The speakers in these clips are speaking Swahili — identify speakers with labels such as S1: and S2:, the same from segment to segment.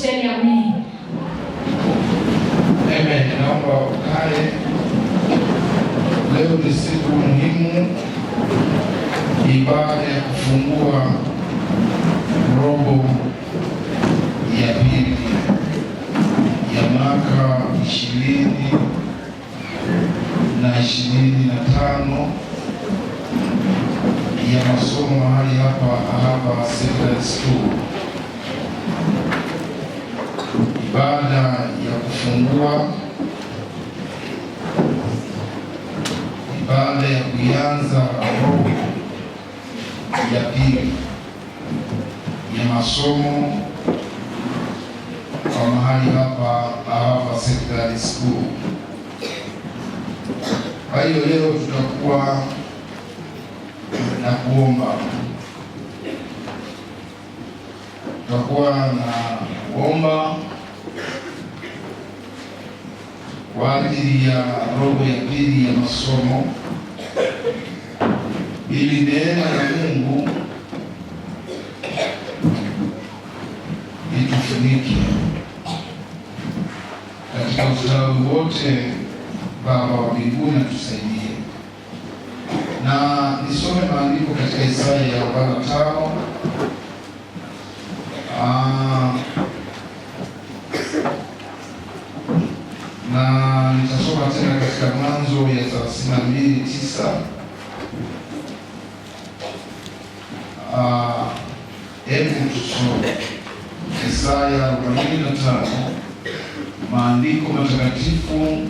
S1: Tusheni amini. Amen. Naomba ukae. Leo ni siku muhimu, ibada ya kufungua robo ya pili ya mwaka ishirini na ishirini na tano ya masomo hali hapa Ahaba Secondary School. Baada ya kufungua, baada ya kuianza robo ya pili ya masomo kwa mahali hapa Ahava Secondary School. Kwa hiyo leo tutakuwa na kuomba, tutakuwa na kuomba kwa ajili ya robo ya pili ya masomo, ili neema ya Mungu itufunike katika ustawi wote. Baba wa mbinguni atusaidie, na nisome maandiko katika Isaya ya arobaini na tano Hebu ah, tusome Isaya arobaini maandiko matakatifu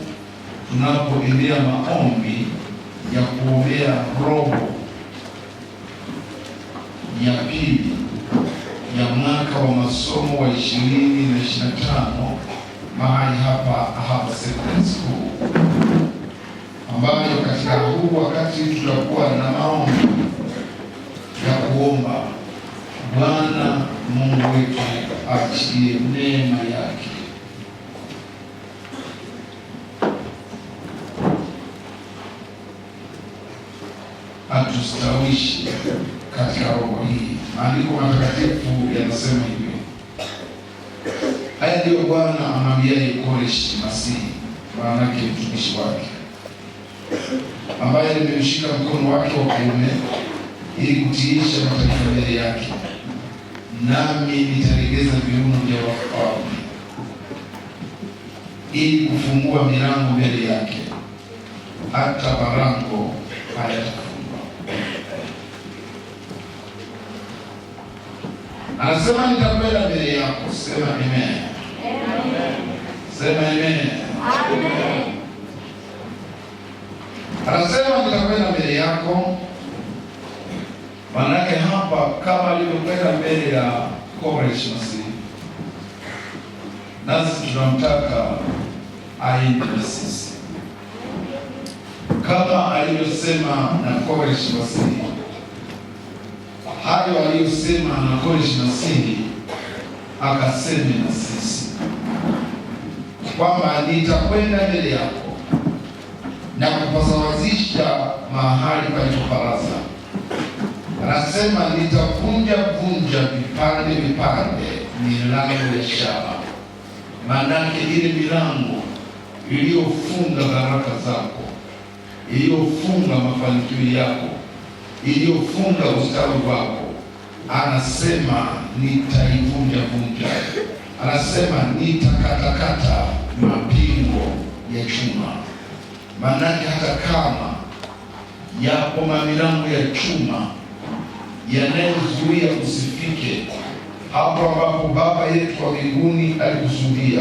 S1: tunapoendea maombi ya kuombea robo ya pili ya mwaka wa masomo wa ishirini na ishirini na tano mahali hapa hapa sekondari school ambayo katika huu wakati tutakuwa na maombi ya kuomba Bwana Mungu wetu atie neema yake atustawishi katika roho hii. Maandiko matakatifu yanasema hivyo. Haya ndiyo Bwana anamwambia Koreshi Masihi, maanake mtumishi wake ambaye nimeshika mkono wake wa kuume ili kutiisha mataifa mbele yake, nami nitalegeza viuno vya wafalme ili kufungua milango mbele yake, hata barango hayatafungwa. Anasema nitakwenda mbele yako. Sema amen. Sema amen. Anasema nitakwenda mbele yako. Maana yake hapa, kama alivyokwenda mbele ya Koresh nasi tunamtaka aende na sisi kama alivyosema na Koresh Hayo aliyosema na Koresh akaseme na sisi kwamba nitakwenda mbele yako na kupasawazisha mahali palipoparasa. Anasema, nitavunja vunja vipande vipande milango ya shaba. Maanake ile milango iliyofunga baraka zako, iliyofunga mafanikio yako, iliyofunga ustawi wako, anasema nitaivunja vunja. Anasema nitakatakata mapingo ya chuma. Maanake hata kama yapo milango ya chuma yanayozuia usifike hapo ambapo Baba yetu wa mbinguni alikusudia,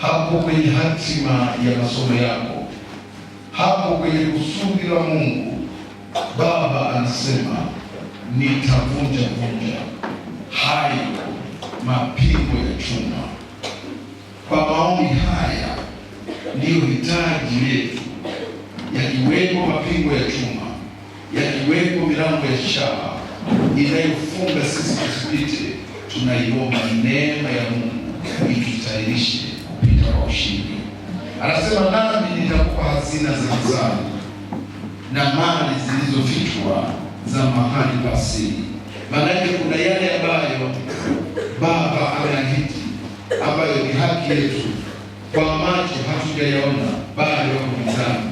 S1: hapo kwenye hatima ya masomo yako, hapo kwenye kusudi la Mungu, Baba anasema nitavunja vunja hayo mapingo ya chuma. Kwa maombi haya ndiyo hitaji yetu, yakiwemo mapingo ya chuma, yakiwemo milango ya shaba inayofunga sisi tusipite, tunaiomba neema ya Mungu itutayarishe kupita kwa ushindi. Anasema, nami nitakupa hazina za gizani na mali zilizofichwa za mahali pa siri. Maana yake kuna yale ambayo Baba ameahidi ambayo ni haki yetu kwa macho hatujayaona bali wako mizani.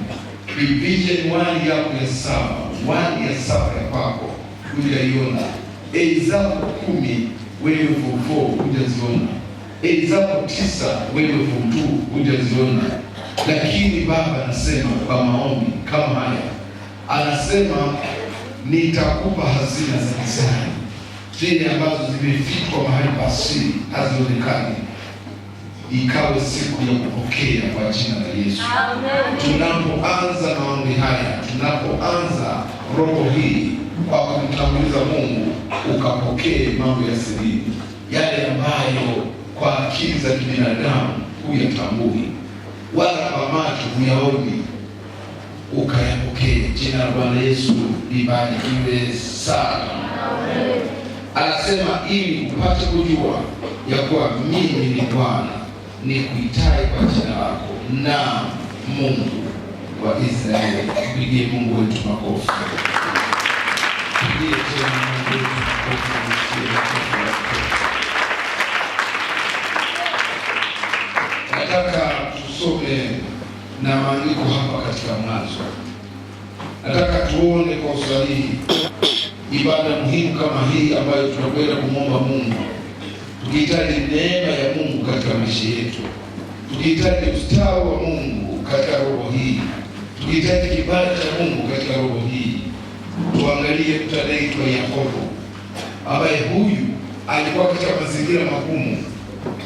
S1: Division one yako ya saba, one ya saba ya kwako hujaiona. Ei kumi wewe form four hujaziona. Ei tisa wewe form two hujaziona, lakini Baba anasema kwa maombi kama haya, anasema nitakupa hazina za gizani, zile ambazo zimefikwa mahali pasiri hazionekani ikawe siku ya kupokea kwa jina la Yesu. Tunapoanza maombi haya, tunapoanza roho hii kwa kumtanguliza Mungu, ukapokee mambo ya siri, yale ambayo kwa akili za kibinadamu huyatambui wala kwa macho huyaoni, ukayapokee. Jina la Bwana Yesu libarikiwe sana. Anasema ili upate kujua ya kuwa mimi ni Bwana ni kuitaye kwa jina lako na Mungu wa Israeli. Tupigie Mungu wetu makofi. Nataka tusome na maandiko hapa katika Mwanzo. Nataka tuone kwa usahihi ibada muhimu kama hii ambayo tunakwenda kumwomba Mungu Tukihitaji neema ya Mungu katika maisha yetu, tukihitaji ustawi wa Mungu katika roho hii, tukihitaji kibali cha Mungu katika roho hii. Tuangalie mtu anaitwa Yakobo ambaye huyu alikuwa katika mazingira magumu,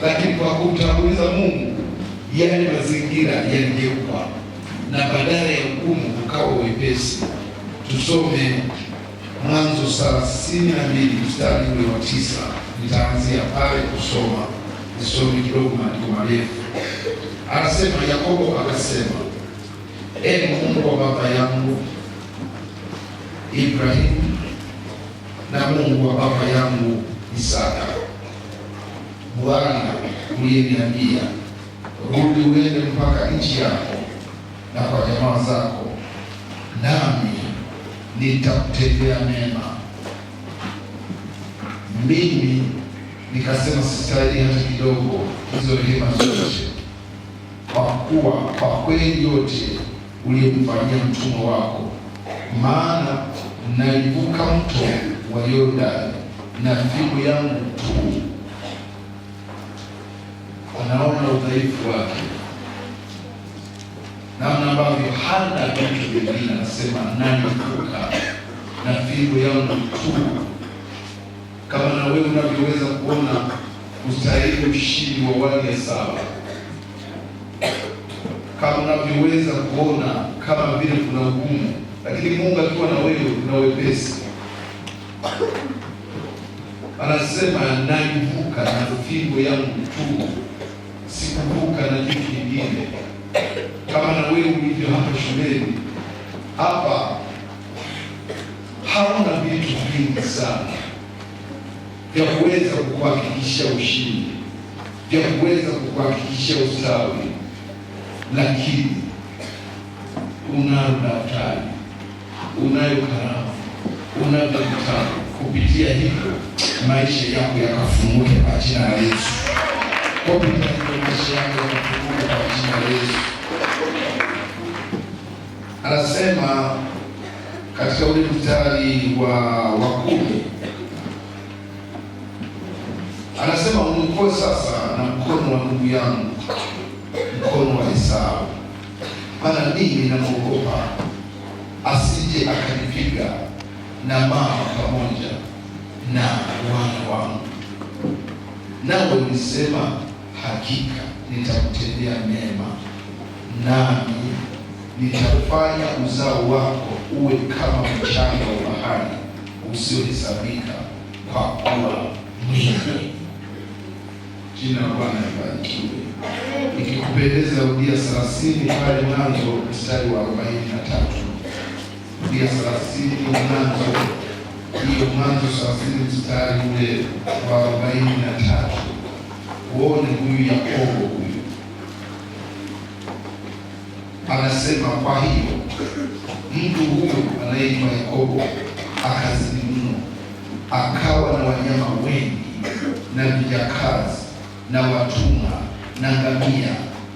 S1: lakini kwa kumtanguliza Mungu yale mazingira yaligeuka na badala ya ugumu ukawa wepesi. Tusome Mwanzo 32 mstari ule wa tisa nitaanzia pale kusoma, nisomi kidogo maandiko marefu. Anasema Yakobo akasema, e Mungu wa baba yangu Ibrahimu na Mungu wa baba yangu Isaka, Bwana uliyeniambia, rudi uende mpaka nchi yako na kwa jamaa zako, nami nitakutendea mema mimi nikasema sistahili hata kidogo hizo rehema zote, kwa kuwa kwa kweli yote uliyemfanyia mtumwa wako, maana nalivuka mto wa Yordani na fimbo yangu tu. Anaona udhaifu wake, namna ambavyo hana vitu Biblia anasema nalivuka na fimbo yangu tu kama na wewe unavyoweza kuona kustahili ushindi wa ya sawa, kama unavyoweza kuona kama vile kuna ugumu, lakini Mungu akiwa na wewe kuna wepesi. Anasema, naivuka na figo yangu tu, sikuvuka na kitu kingine. Kama na wewe ulivyo hapa shuleni hapa, hauna vitu vingi sana vya kuweza kukuhakikisha ushindi, vya kuweza kukuhakikisha ustawi, lakini unayo daftari, unayo karamu, unayo vitabu. Kupitia hivyo maisha yako yakafunguka kwa jina la Yesu. Kupitia hivyo maisha yako yakafunguka kwa jina la Yesu. Anasema katika ule mstari wa wa kumi Anasema mkuwe sasa na mkono wa ndugu yangu, mkono wa Esau, maana mimi namwogopa asije akanipiga na mama pamoja na wana wangu. Nawe nisema hakika nitakutendea mema, nami nitafanya uzao wako uwe kama mchanga wa bahari usiohesabika, kwa kuwa mwingi Jina la Bwana libarikiwe. Nikikupendeza, rudia 30 pale mwanzo mstari wa 43. Rudia 30 mwanzo, hiyo Mwanzo 30 mstari ule wa 43. Uone huyu Yakobo huyu anasema, kwa hiyo mtu huyu anayeitwa Yakobo mno akawa na wanyama wengi na vijakazi na watuma na ngamia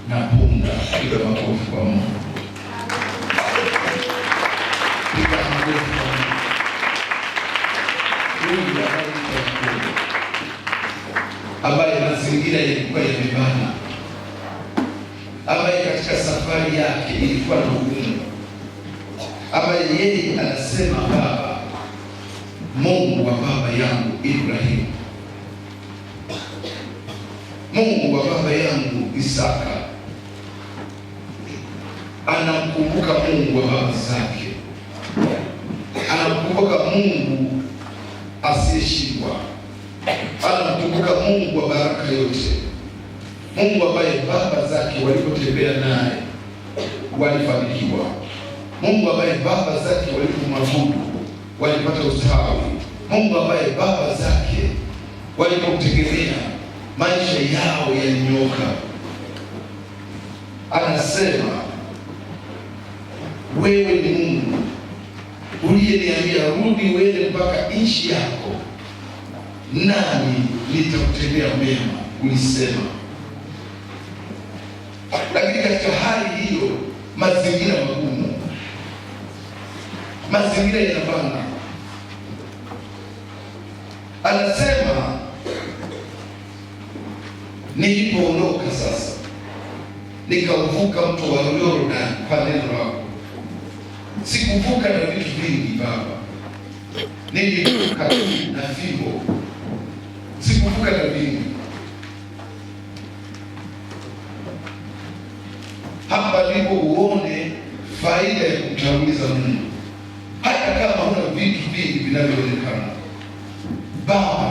S1: na punda. Piga makofi kwa Mungu, piga makofi kwa Mungu. Ambaye mazingira yalikuwa yamebana, ambaye katika safari yake ilikuwa na ugumu, ambaye yeye anasema Baba, Mungu wa baba yangu Ibrahimu Mungu wa baba yangu Isaka anamkumbuka Mungu wa baba zake, anamkumbuka Mungu asiyeshindwa, anamkumbuka Mungu wa baraka yote, Mungu ambaye baba zake walipotembea naye walifanikiwa, Mungu ambaye baba zake walipomwabudu walipata ustawi, Mungu ambaye baba zake walipomtegemea maisha yao yalinyoka Anasema wewe ni Mungu uliyeniambia, rudi uende mpaka nchi yako, nami nitakutendea mema, ulisema. Lakini katika hali hiyo, mazingira magumu, mazingira yanabana, anasema Nilipoondoka sasa, nikauvuka mto wa Yordani kwa neno lako. Sikuvuka na vitu vingi Baba, nilivuka na fimbo, sikuvuka na vingi. Hapa ndipo uone faida ya kumtanguliza Mungu, hata kama una vitu vingi vinavyoonekana Baba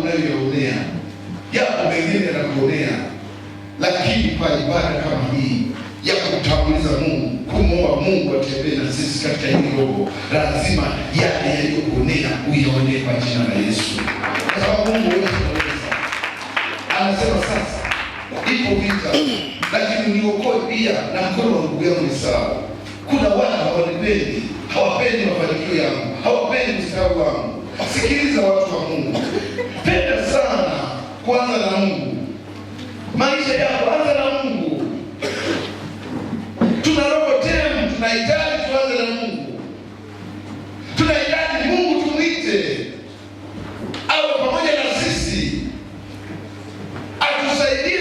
S1: unayoyaonea, yapo mengine yanakuonea, lakini kwa ibada kama hii ya kutanguliza Mungu, kumwomba Mungu atembee na sisi katika hili roho, lazima yale yaliyokuonea uyaonee kwa jina la Yesu, kwa sababu Mungu anasema sasa ipo vita, lakini niokoe pia na mkono wa ndugu yangu Esau. Kuna watu hawanipendi, hawapendi mafanikio yangu, hawapendi ustawi wangu. Sikiliza watu wa Mungu kwanza na Mungu. Maisha ya kwanza na Mungu. Tuna roho temu, tunahitaji tuanze na Mungu, tunahitaji Mungu tumwite awe pamoja na sisi atusaidie.